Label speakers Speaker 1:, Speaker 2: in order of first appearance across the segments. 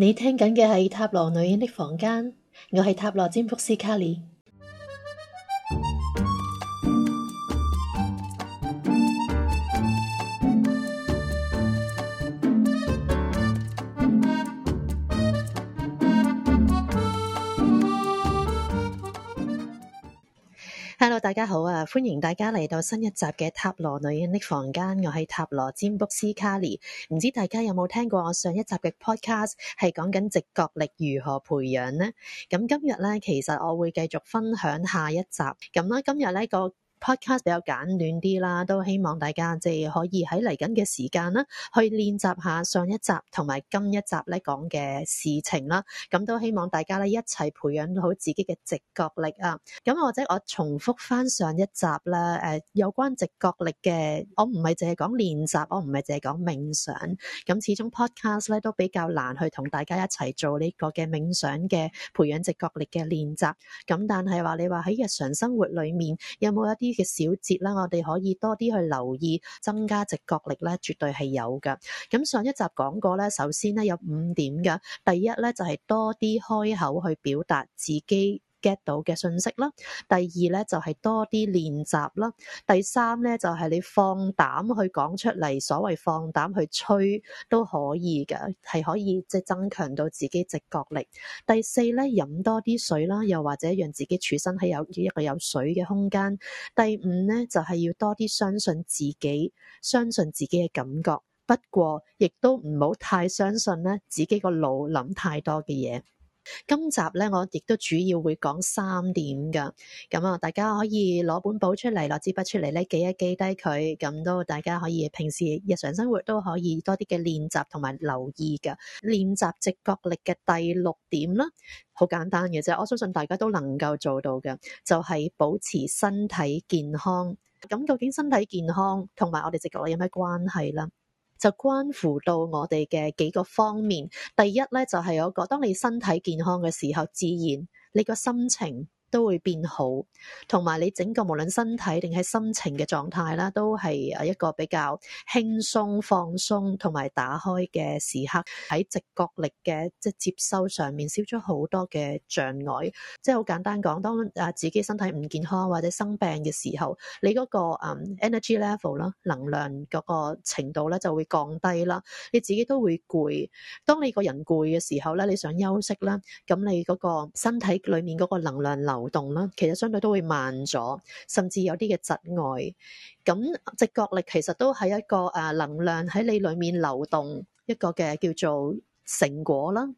Speaker 1: 你聽緊嘅係《塔羅女人的房間》，我係塔羅占卜師卡莉。Hello，大家好啊！歡迎大家嚟到新一集嘅塔羅女人的房間，我係塔羅占卜師卡莉，唔知大家有冇聽過我上一集嘅 podcast，係講緊直覺力如何培養呢？咁今日咧，其實我會繼續分享下一集。咁啦，今日咧個。podcast 比較簡短啲啦，都希望大家即係可以喺嚟緊嘅時間啦，去練習下上一集同埋今一集咧講嘅事情啦。咁都希望大家咧一齊培養好自己嘅直覺力啊。咁或者我重複翻上一集啦，誒有關直覺力嘅，我唔係淨係講練習，我唔係淨係講冥想。咁始終 podcast 咧都比較難去同大家一齊做呢個嘅冥想嘅培養直覺力嘅練習。咁但係話你話喺日常生活裏面有冇一啲？呢啲嘅小節啦，我哋可以多啲去留意，增加直覺力咧，絕對係有嘅。咁上一集講過咧，首先咧有五點嘅，第一咧就係多啲開口去表達自己。get 到嘅信息啦，第二咧就係多啲練習啦，第三咧就係你放膽去講出嚟，所謂放膽去吹都可以嘅，係可以即係增強到自己直覺力。第四咧飲多啲水啦，又或者讓自己處身喺有一個有水嘅空間。第五咧就係要多啲相信自己，相信自己嘅感覺。不過亦都唔好太相信咧自己個腦諗太多嘅嘢。今集咧，我亦都主要會講三點噶，咁啊，大家可以攞本簿出嚟，攞支筆出嚟咧，記一記低佢，咁都大家可以平時日常生活都可以多啲嘅練習同埋留意噶，練習直覺力嘅第六點啦，好簡單嘅啫，我相信大家都能夠做到嘅，就係保持身體健康。咁究竟身體健康同埋我哋直覺力有咩關係啦？就關乎到我哋嘅幾個方面。第一咧，就係有個當你身體健康嘅時候，自然你個心情。都會變好，同埋你整個無論身體定係心情嘅狀態啦，都係誒一個比較輕鬆、放鬆同埋打開嘅時刻，喺直覺力嘅即接收上面少咗好多嘅障礙。即係好簡單講，當誒自己身體唔健康或者生病嘅時候，你嗰個 energy level 啦，能量嗰個程度咧就會降低啦。你自己都會攰。當你個人攰嘅時候咧，你想休息啦，咁你嗰個身體裡面嗰個能量流。流動啦，其實相對都會慢咗，甚至有啲嘅窒礙。咁直覺力其實都係一個誒能量喺你裏面流動一個嘅叫做。成果啦。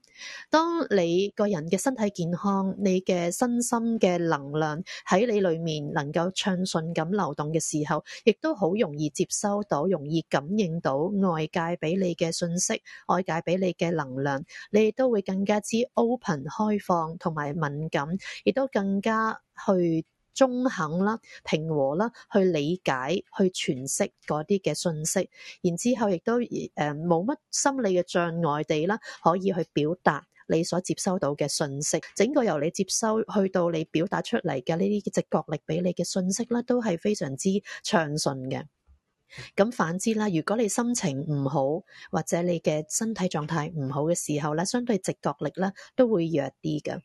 Speaker 1: 當你個人嘅身體健康，你嘅身心嘅能量喺你裏面能夠暢順咁流動嘅時候，亦都好容易接收到，容易感應到外界俾你嘅信息，外界俾你嘅能量，你亦都會更加之 open 開放同埋敏感，亦都更加去。中肯啦、平和啦，去理解、去詮釋嗰啲嘅信息，然之後亦都誒冇乜心理嘅障礙地啦，可以去表達你所接收到嘅信息。整個由你接收去到你表達出嚟嘅呢啲直覺力俾你嘅信息咧，都係非常之暢順嘅。咁反之啦，如果你心情唔好或者你嘅身體狀態唔好嘅時候咧，相對直覺力咧都會弱啲嘅。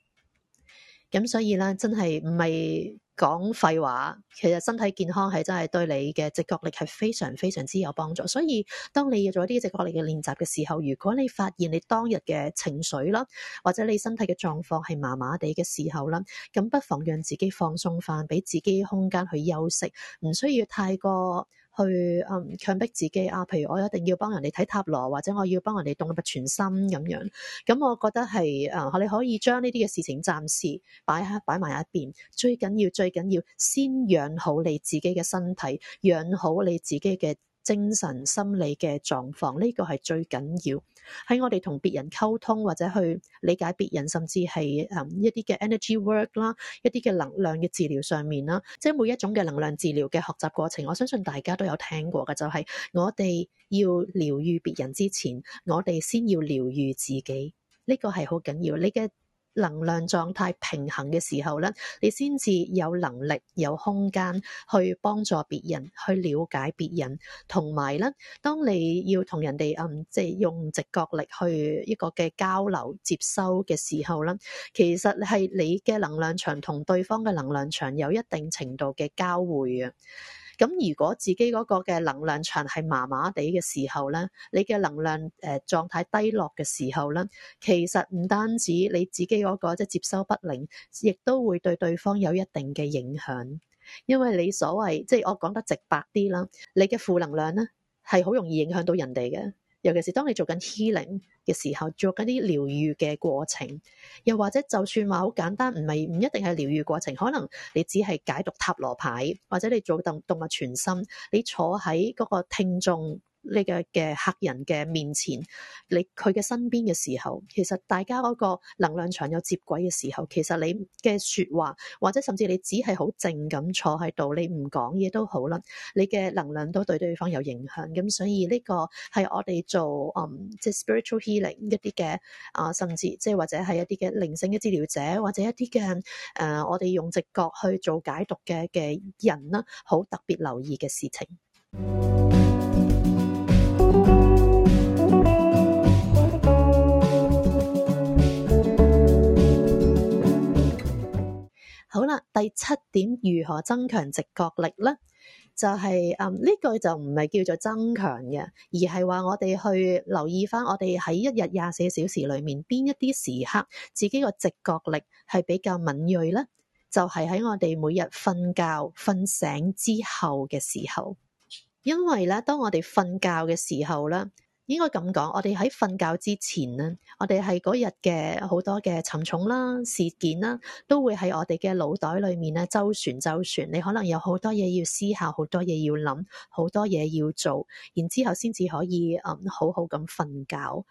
Speaker 1: 咁所以咧，真係唔係。講廢話，其實身體健康係真係對你嘅直覺力係非常非常之有幫助。所以當你要做一啲直覺力嘅練習嘅時候，如果你發現你當日嘅情緒啦，或者你身體嘅狀況係麻麻地嘅時候啦，咁不妨讓自己放鬆翻，俾自己空間去休息，唔需要太過。去嗯強迫自己啊，譬如我一定要幫人哋睇塔羅，或者我要幫人哋動物傳心咁樣，咁我覺得係誒你可以將呢啲嘅事情暫時擺下擺埋一邊，最緊要最緊要先養好你自己嘅身體，養好你自己嘅精神心理嘅狀況，呢個係最緊要。喺我哋同別人溝通或者去理解別人，甚至係誒一啲嘅 energy work 啦，一啲嘅能量嘅治療上面啦，即係每一種嘅能量治療嘅學習過程，我相信大家都有聽過嘅，就係我哋要療愈別人之前，我哋先要療愈自己，呢個係好緊要。呢嘅能量狀態平衡嘅時候咧，你先至有能力、有空間去幫助別人、去了解別人，同埋咧，當你要同人哋嗯，即係用直覺力去一個嘅交流、接收嘅時候咧，其實係你嘅能量場同對方嘅能量場有一定程度嘅交匯嘅。咁如果自己嗰個嘅能量場係麻麻地嘅時候咧，你嘅能量誒狀態低落嘅時候咧，其實唔單止你自己嗰個即係接收不靈，亦都會對對方有一定嘅影響。因為你所謂即係我講得直白啲啦，你嘅負能量咧係好容易影響到人哋嘅，尤其是當你做緊 healing。嘅時候做緊啲療愈嘅過程，又或者就算話好簡單，唔係唔一定係療愈過程，可能你只係解讀塔羅牌，或者你做動動物傳心，你坐喺嗰個聽眾呢個嘅客人嘅面前，你佢嘅身邊嘅時候，其實大家嗰個能量場有接軌嘅時候，其實你嘅說話或者甚至你只係好靜咁坐喺度，你唔講嘢都好啦，你嘅能量都對對方有影響，咁，所以呢個係我哋做嗯即係 spiritual healing 一啲嘅啊，甚至即係或者係一啲嘅靈性嘅治療者，或者一啲嘅誒我哋用直覺去做解讀嘅嘅人啦，好特別留意嘅事情。好啦，第七點如何增強直覺力呢？就係誒呢句就唔係叫做增強嘅，而係話我哋去留意翻我哋喺一日廿四小時裏面邊一啲時刻自己個直覺力係比較敏銳呢，就係喺我哋每日瞓覺瞓醒之後嘅時候，因為咧當我哋瞓覺嘅時候咧。應該咁講，我哋喺瞓覺之前咧，我哋係嗰日嘅好多嘅沉重啦、事件啦，都會喺我哋嘅腦袋裡面咧，周旋周旋。你可能有好多嘢要思考，好多嘢要諗，好多嘢要做，然之後先至可以嗯好好咁瞓覺。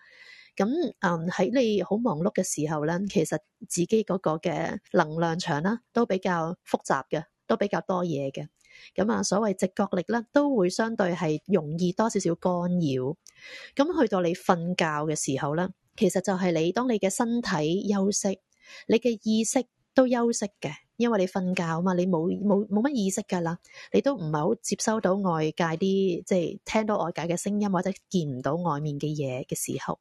Speaker 1: 咁嗯喺你好忙碌嘅時候咧，其實自己嗰個嘅能量場啦，都比較複雜嘅，都比較多嘢嘅。咁啊，所謂直覺力咧，都會相對係容易多少少干擾。咁去到你瞓覺嘅時候咧，其實就係你當你嘅身體休息，你嘅意識都休息嘅，因為你瞓覺啊嘛，你冇冇冇乜意識噶啦，你都唔係好接收到外界啲，即係聽到外界嘅聲音，或者見唔到外面嘅嘢嘅時候，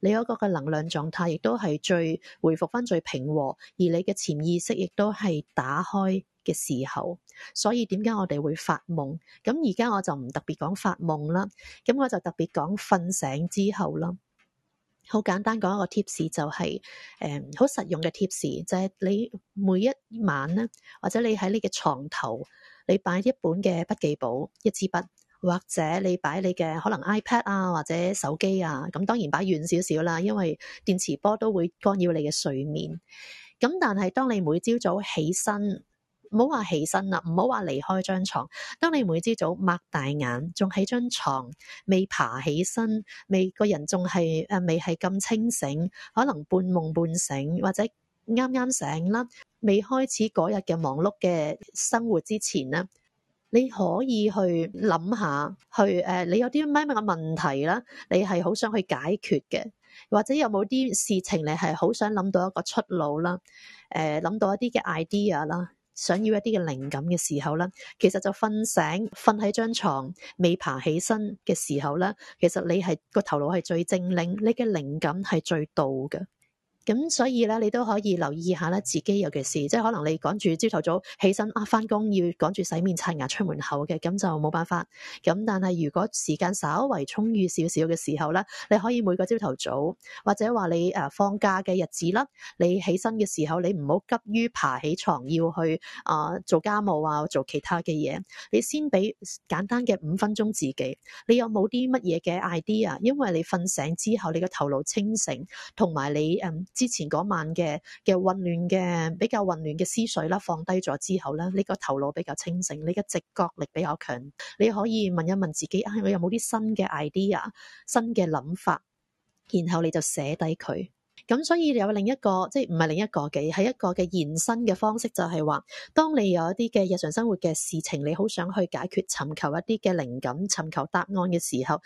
Speaker 1: 你嗰個嘅能量狀態亦都係最回復翻最平和，而你嘅潛意識亦都係打開。嘅時候，所以點解我哋會發夢咁？而家我就唔特別講發夢啦，咁我就特別講瞓醒之後啦。好簡單講一個 tips 就係，誒，嗯，好實用嘅 tips 就係你每一晚咧，或者你喺你嘅床頭，你擺一本嘅筆記簿，一支筆，或者你擺你嘅可能 iPad 啊，或者手機啊。咁當然擺遠少少啦，因為電磁波都會干擾你嘅睡眠。咁但係當你每朝早起身，唔好話起身啦，唔好話離開張床。當你每朝早擘大眼，仲喺張床，未爬起身，未個人仲係誒，未係咁清醒，可能半夢半醒或者啱啱醒啦，未開始嗰日嘅忙碌嘅生活之前咧，你可以去諗下，去誒，你有啲咩咩嘅問題啦？你係好想去解決嘅，或者有冇啲事情你係好想諗到一個出路啦？誒，諗到一啲嘅 idea 啦？想要一啲嘅靈感嘅時候咧，其實就瞓醒，瞓喺張床未爬起身嘅時候咧，其實你，你係個頭腦係最精靈，你嘅靈感係最到嘅。咁所以咧，你都可以留意下咧自己。尤其是即係可能你趕住朝頭早起身啊，翻工要趕住洗面刷牙出門口嘅，咁就冇辦法。咁但係如果時間稍為充裕少少嘅時候咧，你可以每個朝頭早或者話你誒、呃、放假嘅日子啦，你起身嘅時候你唔好急於爬起床，要去啊、呃、做家務啊做其他嘅嘢，你先俾簡單嘅五分鐘自己。你有冇啲乜嘢嘅 idea？啊？因為你瞓醒之後，你個頭腦清醒，同埋你誒。嗯之前嗰晚嘅嘅混亂嘅比較混亂嘅思緒啦，放低咗之後咧，呢個頭腦比較清醒，你嘅直覺力比較強，你可以問一問自己啊，我有冇啲新嘅 idea、新嘅諗法，然後你就寫低佢。咁所以有另一個即係唔係另一個嘅，係一個嘅延伸嘅方式，就係話，當你有一啲嘅日常生活嘅事情，你好想去解決，尋求一啲嘅靈感，尋求答案嘅時候，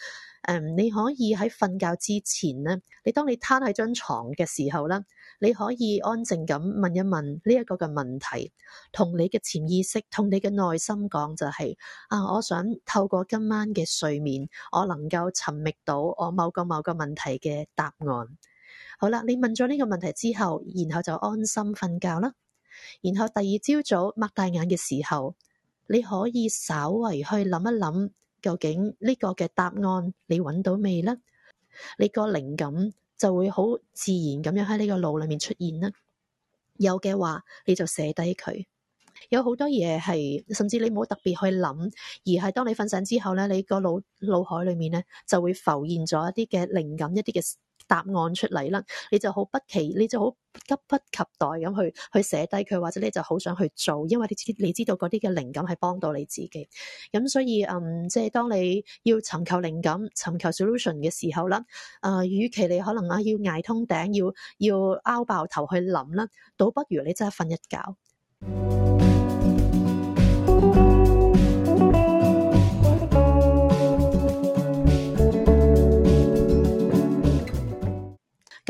Speaker 1: 你可以喺瞓覺之前咧，你當你攤喺張床嘅時候咧，你可以安靜咁問一問呢一個嘅問題，同你嘅潛意識，同你嘅內心講就係，啊，我想透過今晚嘅睡眠，我能夠尋覓到我某個某個問題嘅答案。好啦，你問咗呢個問題之後，然後就安心瞓覺啦。然後第二朝早擘大眼嘅時候，你可以稍微去諗一諗，究竟呢個嘅答案你揾到未呢？你個靈感就會好自然咁樣喺呢個腦裏面出現啦。有嘅話，你就寫低佢。有好多嘢係，甚至你冇特別去諗，而係當你瞓醒之後咧，你個腦腦海裏面咧就會浮現咗一啲嘅靈感，一啲嘅。答案出嚟啦，你就好不期，你就好急不及待咁去去寫低佢，或者你就好想去做，因為你知你知道嗰啲嘅靈感係幫到你自己，咁所以嗯，即係當你要尋求靈感、尋求 solution 嘅時候啦，啊、呃，與其你可能啊要捱通頂，要要拗爆頭去諗啦，倒不如你真係瞓一覺。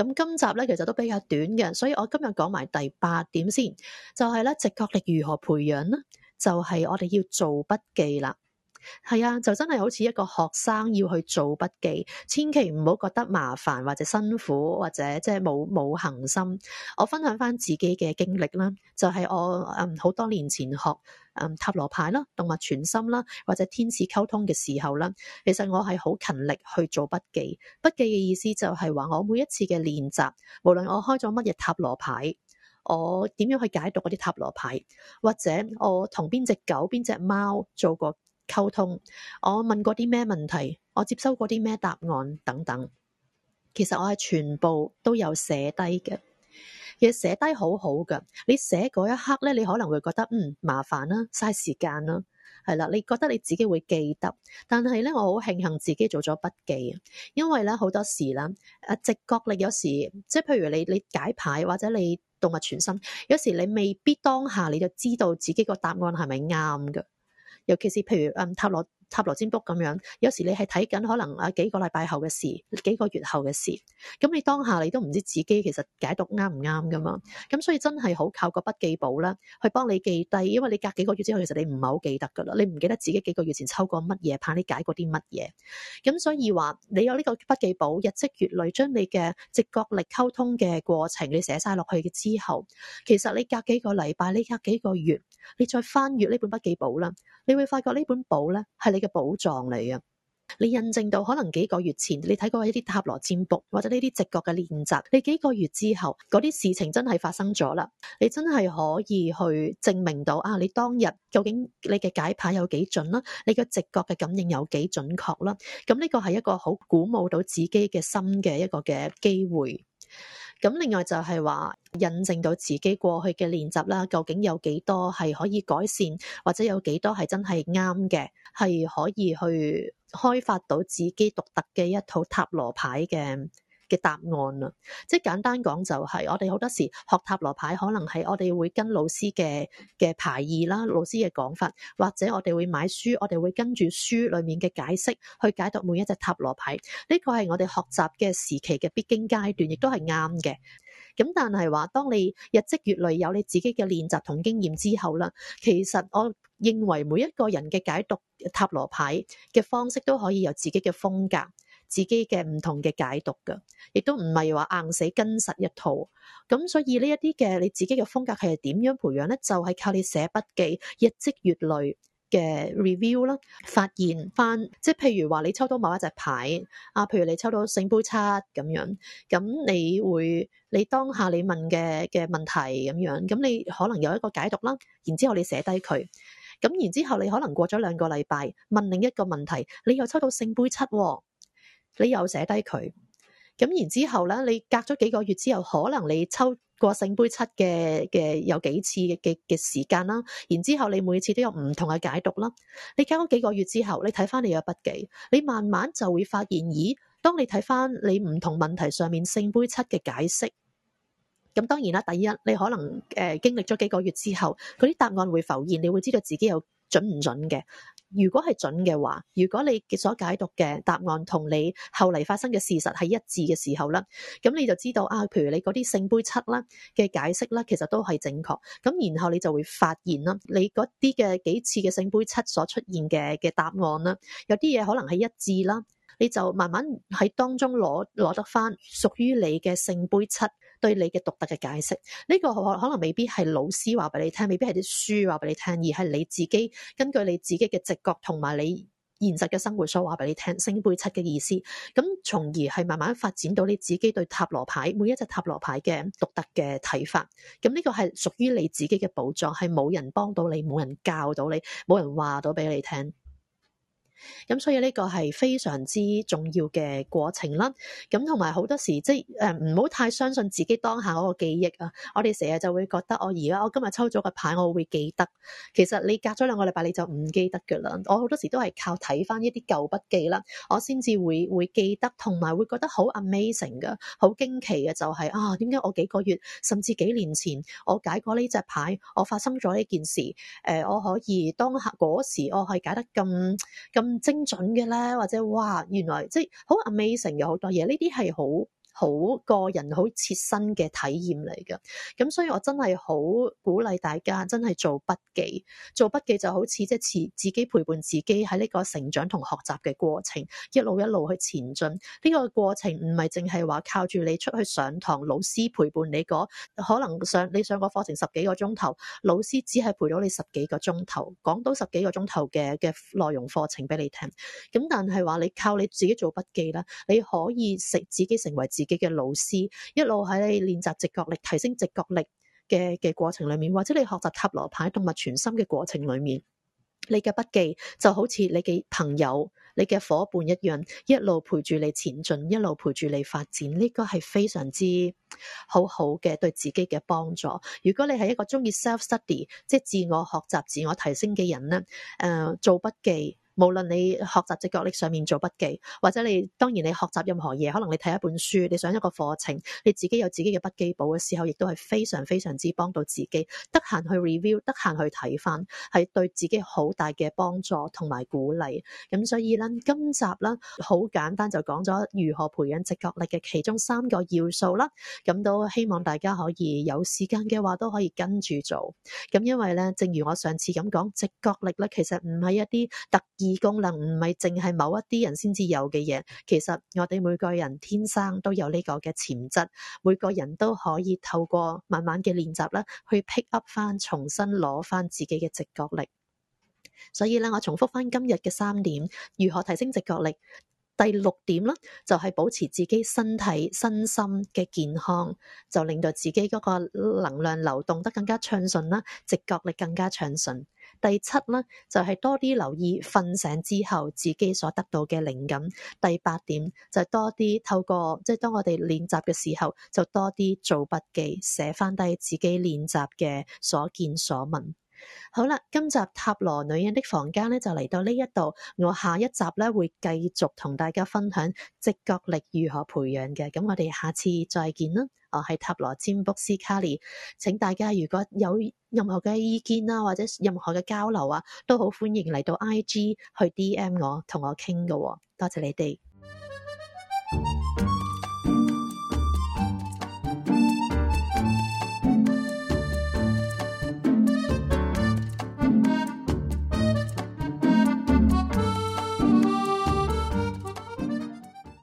Speaker 1: 咁今集呢，其實都比較短嘅，所以我今日講埋第八點先，就係呢，直覺力如何培養呢？就係我哋要做筆記啦。係啊，就真係好似一個學生要去做筆記，千祈唔好覺得麻煩或者辛苦，或者即係冇冇恒心。我分享翻自己嘅經歷啦，就係我嗯好多年前學嗯塔羅牌啦、動物傳心啦或者天使溝通嘅時候啦。其實我係好勤力去做筆記，筆記嘅意思就係話我每一次嘅練習，無論我開咗乜嘢塔羅牌，我點樣去解讀嗰啲塔羅牌，或者我同邊隻狗、邊隻貓做過。溝通，我問過啲咩問題，我接收過啲咩答案等等，其實我係全部都有寫低嘅，其實寫低好好噶。你寫嗰一刻咧，你可能會覺得嗯，麻煩啦、啊，嘥時間啦、啊，係啦，你覺得你自己會記得，但係咧，我好慶幸自己做咗筆記啊，因為咧好多時啦，啊直覺力有時即係譬如你你解牌或者你動物傳心，有時你未必當下你就知道自己個答案係咪啱噶。尤其是譬如，嗯，塔羅。塔羅占卜咁樣，有時你係睇緊可能啊幾個禮拜後嘅事，幾個月後嘅事，咁你當下你都唔知自己其實解讀啱唔啱噶嘛？咁所以真係好靠個筆記簿啦，去幫你記低，因為你隔幾個月之後，其實你唔係好記得噶啦，你唔記得自己幾個月前抽過乜嘢，怕你解過啲乜嘢。咁所以話你有呢個筆記簿，日積月累，將你嘅直覺力溝通嘅過程你寫晒落去嘅之後，其實你隔幾個禮拜，你隔幾個月，你再翻閱呢本筆記簿啦，你會發覺呢本簿咧係你嘅寶藏嚟啊！你印證到可能幾個月前你睇過一啲塔羅占卜或者呢啲直覺嘅練習，你幾個月之後嗰啲事情真係發生咗啦。你真係可以去證明到啊，你當日究竟你嘅解牌有幾準啦，你嘅直覺嘅感應有幾準確啦。咁呢個係一個好鼓舞到自己嘅心嘅一個嘅機會。咁另外就係話印證到自己過去嘅練習啦，究竟有幾多係可以改善，或者有幾多係真係啱嘅。係可以去開發到自己獨特嘅一套塔羅牌嘅嘅答案啦。即係簡單講，就是，就係我哋好多時學塔羅牌，可能係我哋會跟老師嘅嘅牌意啦，老師嘅講法，或者我哋會買書，我哋會跟住書裡面嘅解釋去解讀每一隻塔羅牌。呢個係我哋學習嘅時期嘅必經階段，亦都係啱嘅。咁但係話，當你日積月累有你自己嘅練習同經驗之後啦，其實我認為每一個人嘅解讀塔羅牌嘅方式都可以有自己嘅風格，自己嘅唔同嘅解讀噶，亦都唔係話硬死跟實一套。咁所以呢一啲嘅你自己嘅風格係點樣培養呢？就係靠你寫筆記、日積月累。嘅 review 啦，re view，發現翻即係譬如話你抽到某一隻牌啊，譬如你抽到聖杯七咁樣，咁你會你當下你問嘅嘅問題咁樣，咁你可能有一個解讀啦，然之後你寫低佢，咁然之後你可能過咗兩個禮拜問另一個問題，你又抽到聖杯七，你又寫低佢。咁然之後咧，你隔咗幾個月之後，可能你抽過聖杯七嘅嘅有幾次嘅嘅時間啦。然之後你每次都有唔同嘅解讀啦。你隔咗幾個月之後，你睇翻你嘅筆記，你慢慢就會發現，咦？當你睇翻你唔同問題上面聖杯七嘅解釋，咁當然啦。第一，你可能誒、呃、經歷咗幾個月之後，嗰啲答案會浮現，你會知道自己有準唔準嘅。如果係準嘅話，如果你所解讀嘅答案同你後嚟發生嘅事實係一致嘅時候咧，咁你就知道啊，譬如你嗰啲聖杯七啦嘅解釋啦，其實都係正確。咁然後你就會發現啦，你嗰啲嘅幾次嘅聖杯七所出現嘅嘅答案啦，有啲嘢可能係一致啦，你就慢慢喺當中攞攞得翻屬於你嘅聖杯七。對你嘅獨特嘅解釋，呢、這個可能未必係老師話俾你聽，未必係啲書話俾你聽，而係你自己根據你自己嘅直覺同埋你現實嘅生活所話俾你聽聖杯七嘅意思，咁從而係慢慢發展到你自己對塔羅牌每一隻塔羅牌嘅獨特嘅睇法，咁、這、呢個係屬於你自己嘅寶藏，係冇人幫到你，冇人教到你，冇人話到俾你聽。咁所以呢個係非常之重要嘅過程啦。咁同埋好多時即係誒唔好太相信自己當下嗰個記憶啊。我哋成日就會覺得我而家我今日抽咗個牌我會記得，其實你隔咗兩個禮拜你就唔記得㗎啦。我好多時都係靠睇返一啲舊筆記啦，我先至會會記得，同埋會覺得好 amazing 噶，好驚奇嘅就係、是、啊，點解我幾個月甚至幾年前我解過呢隻牌，我發生咗呢件事？誒、呃，我可以當下嗰時我係解得咁咁。精準嘅咧，或者哇，原來即係好 amazing 有好多嘢，呢啲係好。好個人好切身嘅體驗嚟嘅，咁所以我真係好鼓勵大家真係做筆記。做筆記就好似即係自己陪伴自己喺呢個成長同學習嘅過程，一路一路去前進。呢個過程唔係淨係話靠住你出去上堂，老師陪伴你。嗰可能上你上個課程十幾個鐘頭，老師只係陪咗你十幾個鐘頭，講到十幾個鐘頭嘅嘅內容課程俾你聽。咁但係話你靠你自己做筆記啦，你可以食自己成為自己嘅老師一路喺你練習直覺力、提升直覺力嘅嘅過程裏面，或者你學習塔羅牌、動物傳心嘅過程裏面，你嘅筆記就好似你嘅朋友、你嘅伙伴一樣，一路陪住你前進，一路陪住你發展，呢個係非常之好好嘅對自己嘅幫助。如果你係一個中意 self study，即係自我學習、自我提升嘅人呢誒、呃，做筆記。無論你學習直覺力上面做筆記，或者你當然你學習任何嘢，可能你睇一本書，你上一個課程，你自己有自己嘅筆記簿嘅時候，亦都係非常非常之幫到自己。得閒去 review，得閒去睇翻，係對自己好大嘅幫助同埋鼓勵。咁所以呢，今集呢好簡單就講咗如何培養直覺力嘅其中三個要素啦。咁都希望大家可以有時間嘅話都可以跟住做。咁因為呢，正如我上次咁講，直覺力呢其實唔係一啲特異。耳功能唔係淨係某一啲人先至有嘅嘢。其實我哋每個人天生都有呢個嘅潛質，每個人都可以透過慢慢嘅練習啦，去 pick up 翻，重新攞翻自己嘅直覺力。所以咧，我重複翻今日嘅三點，如何提升直覺力？第六點咧，就係保持自己身體、身心嘅健康，就令到自己嗰個能量流動得更加暢順啦，直覺力更加暢順。第七呢，就係多啲留意瞓醒之後自己所得到嘅靈感。第八點就係多啲透過即係當我哋練習嘅時候，就多啲做筆記，寫翻低自己練習嘅所見所聞。好啦，今集塔羅女人的房間咧，就嚟到呢一度，我下一集咧，會繼續同大家分享直覺力如何培養嘅，咁我哋下次再見啦。我係塔羅占卜師卡利，請大家如果有任何嘅意見啊或者任何嘅交流啊，都好歡迎嚟到 I G 去 D M 我同我傾㗎喎。多謝你哋。